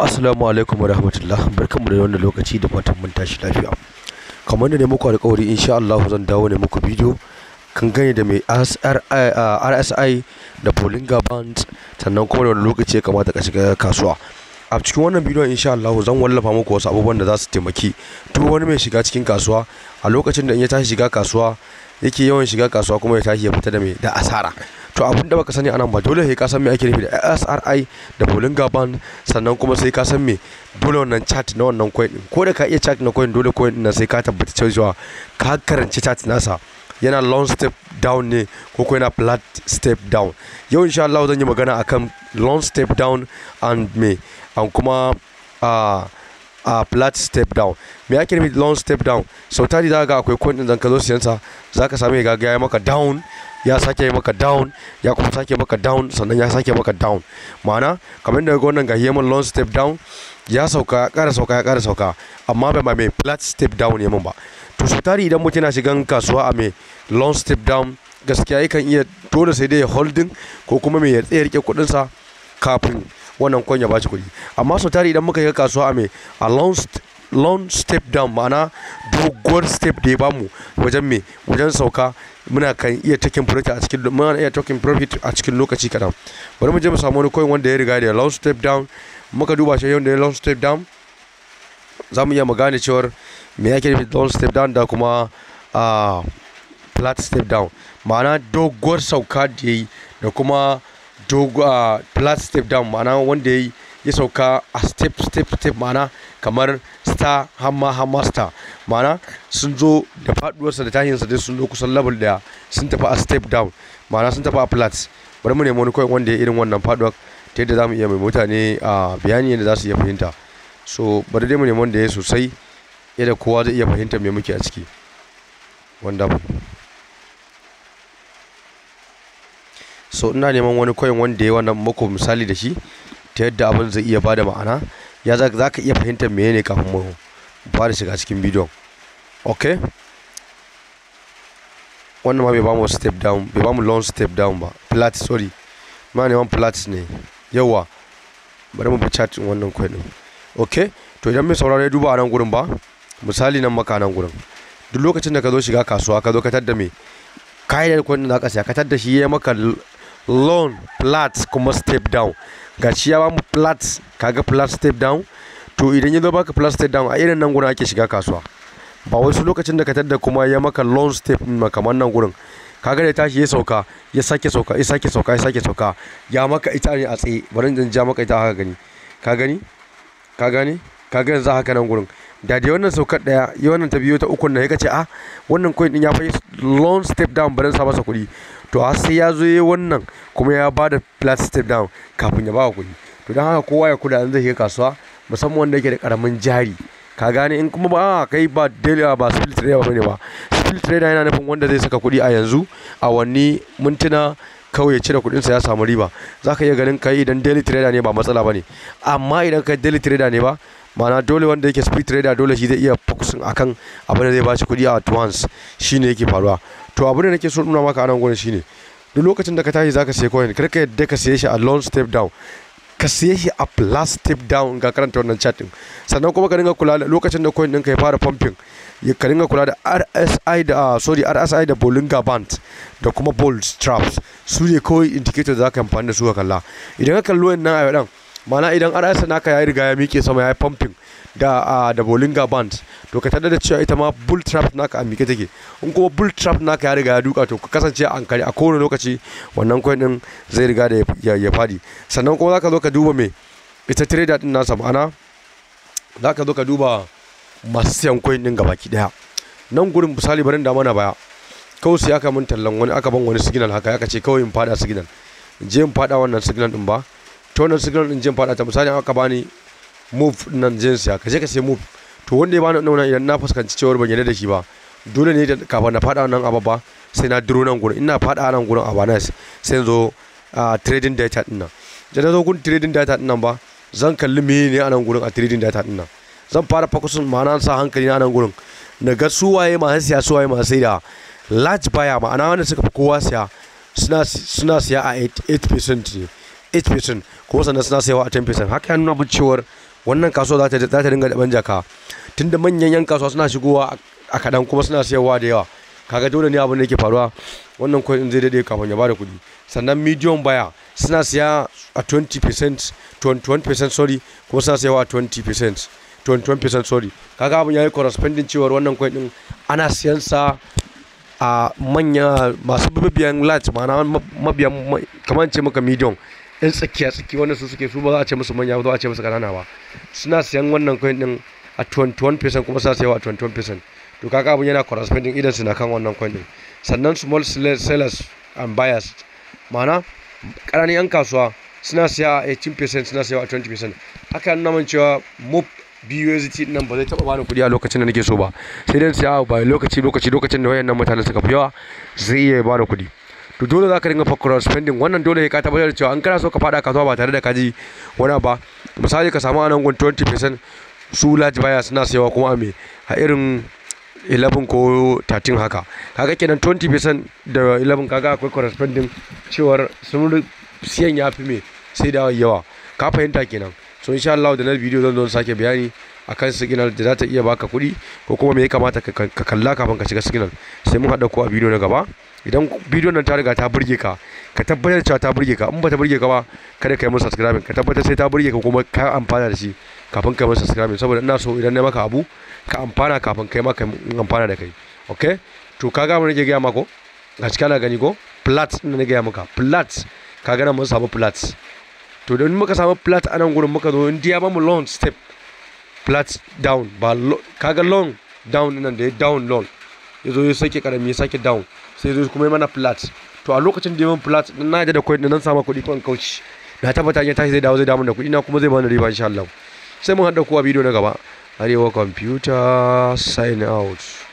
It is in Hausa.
assalamu alaikum warahmatullah barkanmu da wannan lokaci da fatan mun tashi lafiya kamar da ne muku alƙawari insha Allah zan dawo ne muku bidiyo kan gani da mai RSI da Polinga Band sannan kuma da wani lokaci ya kamata ka shiga kasuwa a cikin wannan bidiyon insha Allah zan wallafa muku wasu abubuwan da za su taimaki duk wani mai shiga cikin kasuwa a lokacin da in ya tashi shiga kasuwa yake yawan shiga kasuwa kuma ya tashi ya fita da mai da asara to abin da baka sani anan ba dole sai ka san me ake nufi da SRI da Bollinger Band sannan kuma sai ka san me dole wannan chart na wannan coin din ko da ka iya chart na coin dole coin din sai ka tabbata cewa ka karanci chart nasa yana long step down ne ko kuma yana flat step down yau insha Allah zan yi magana akan long step down and me an kuma a a flat step down me ake nufi long step down sau tari za ga akwai coin din zan ka zo siyan sa za ka same ga ya maka down ya sake maka down ya kuma sake maka down sannan ya sake maka down ma'ana kamar da wannan ga yaman long step down ya sauka ya kara sauka ya kara sauka amma bai ma mai flat step down yaman ba to su tari idan mutum na shigan kasuwa a mai long step down gaskiya yakan iya dole sai dai ya holding ko kuma mai ya tsaye rike kuɗinsa kafin wannan kwan ya bashi kuɗi amma su tari idan muka yi kasuwa a mai a long step long step down ma'ana doguwar step da ya bamu wajen me wajen sauka muna kan iya taking profit a cikin muna iya taking profit a cikin lokaci kadan bari mu je mu samu wani coin wanda ya riga da long step down muka duba shi yau da long step down za mu iya mu gane cewar me yake nufi long step down da kuma a flat step down ma'ana doguwar sauka da yi da kuma flat step down ma'ana wanda ya yi ya sauka a step step step mana kamar star hamma hamma star mana sun zo da faduwarsa da tahinsa dai sun zo kusan level daya sun tafi a step down mana sun tafi a flat bari mu nemi wani kawai wanda ya irin wannan faduwar ta yadda za mu iya mai mutane a bayani yadda za su iya fahimta so bari dai mu nemi wanda ya sosai yadda kowa zai iya fahimta me muke a ciki wanda so ina neman wani koyon wanda ya wannan mako misali da shi ta yadda abin zai iya bada ma'ana ya za ka iya fahimtar menene kafin mu fara shiga cikin bidiyon ok wannan ma bai bamu step down bai bamu long step down ba flat sorry ma neman flat ne yawa bari mu bi chat wannan kwai din ok to idan mai sauraro ya duba a nan gurin ba misali nan maka nan gurin duk lokacin da ka zo shiga kasuwa ka zo ka tadda me kayan kwai din da ka siya ka tadda shi ya maka long flat kuma step down ga shi ya bamu mu flat kaga flat step down to idan ya zo baka flat step down a irin nan gurin ake shiga kasuwa ba wasu lokacin da ka tadda kuma ya maka long step kamar nan gurin kaga da tashi ya sauka ya sake sauka ya sake sauka ya sake sauka ya maka ita ne a tsaye bari in ja maka ita haka gani ka gani ka gani ka gani yanzu haka nan gurin da da wannan saukar daya ya wannan ta biyu ta uku na ya kace a ah, wannan coin din ya fa long step down bari sa masa kuɗi to har sai ya zo yi wannan kuma ya ba da flat step down kafin ya ba kuɗi to don haka kowa ya kula zai shiga kasuwa musamman wanda yake da karamin jari ka gane in kuma ba kai ba daily ba skill trader ba ne ba skill trader yana nufin wanda zai saka kuɗi a yanzu a wanne mintuna kawai ya cire kuɗin sa ya samu riba za ka iya ganin kai idan daily trader ne ba matsala ba ne amma idan kai daily trader ne ba ma'ana dole wanda yake speed trader dole shi zai iya focusing akan abin da zai bashi kuɗi a at once shine yake faruwa to abin da nake so nuna maka anan gurin shine duk lokacin da ka tashi zaka siya coin kar ka yadda ka siye shi a long step down ka siye shi a plus step down ga karanta wannan chart din sannan kuma ka dinga kula da lokacin da coin ɗinka ya fara pumping ka dinga kula da RSI da ah, sorry RSI da Bollinger Band da kuma Bold Straps su ne kawai indicator da zaka amfani da su ka kalla idan ka kalli wannan ayyukan mana idan rs naka ya riga ya miƙe sama ya yi pumping da da bolinga band to ka tada da cewa ita ma bull trap naka a miƙe take in kuma bull trap naka ya riga ya duka to ka kasance a kare a kowane lokaci wannan coin din zai riga da ya fadi sannan kuma zaka zo ka duba me ita trader din nasa ma'ana zaka zo ka duba masu siyan coin din gabaki daya nan gurin misali barin da mana baya kawai sai aka mun tallan wani aka ban wani signal haka aka ce kawai in fada signal in je in fada wannan signal din ba ta signal din jin ta misali aka bani move nan jinsi ka je ka sai move to wanda ya bani nan idan na fuskanci cewar ban yarda da shi ba dole ne kafin na fada nan ababa sai na duro nan gurin ina fada nan gurin abanas sai zo trading data din nan da zo gun trading data din nan ba zan kalli me ne a nan gurin a trading data din nan zan fara focusin ma'ana sa hankali na nan gurin na ga suwaye masu siya waye masu sai da large buyer ma'ana wanda suka fi kowa siya suna siya a 8% ne 8% kuma sannan suna sayawa a 10% haka ya nuna mun cewar wannan kasuwa za ta dinga daban jaka tunda manyan yan kasuwa suna shigowa a kaɗan kuma suna sayarwa da yawa kaga dole ne abin da yake faruwa wannan coin zai daɗe kafin ya bada kuɗi sannan medium buyer suna siya a 20% 21% sorry kuma suna sayawa a 20% 21% sorry kaga abin yayi corresponding cewar wannan coin din ana siyan sa a manya masu bibiyan large ma'ana mabiyan kamar ce maka medium yan tsakiya tsaki wanda su suke su ba za a ce musu manya ba za a ce musu kanana ba suna siyan wannan coin din a 21% kuma suna sayawa a 21% to kaga abun yana corresponding idan suna kan wannan coin din sannan small sellers and buyers ma'ana ƙananan yan kasuwa suna siya a 18% suna sayawa a 20% haka nuna min cewa mop BUSDT nan ba zai taba bani kuɗi a lokacin da nake so ba sai dai siya ba lokaci lokaci lokacin da wayannan mutane suka fi yawa zai iya bani kuɗi to dole za ka dinga fa cross spending wannan dole ka tabbatar da cewa an kana so ka fada kasuwa ba tare da kaji wani ba misali ka samu anan gun 20% su large buyers suna sayawa kuma a me a irin 11 ko 13 haka kaga kenan 20% da 11 kaga akwai corresponding cewar sun siyan ya fi me sai da yawa ka fahimta kenan so insha Allah da na bidiyo zan zo sake bayani akan signal da za ta iya baka kuɗi ko kuma me ya kamata ka kalla kafin ka shiga signal sai mun haɗa ko a bidiyo na gaba idan bidiyon nan ta riga ta burge ka ka tabbatar cewa ta burge ka in ba ta burge ka ba kada ka yi min subscribe ka tabbatar sai ta burge ka kuma ka amfana da shi kafin ka yi mun subscribe saboda ina so idan na maka abu ka amfana kafin kai maka amfana da kai okay to kaga mun rage gaya mako gaskiya na gani ko plat ina na gaya maka plat kaga nan mun samu plat to da muka samu flat a nan gurin muka zo in ya bamu long step flat down ba kaga long down nan da ya down long ya zo ya sake karami ya sake down sai zo kuma ya mana flat to a lokacin da ya mana flat na yadda da kuɗi nan sama kuɗi kan kauci na tabbata ya tashi zai dawo zai damu da kuɗi na kuma zai bani riba insha Allah sai mun haɗa kowa bidiyo na gaba arewa computer sign out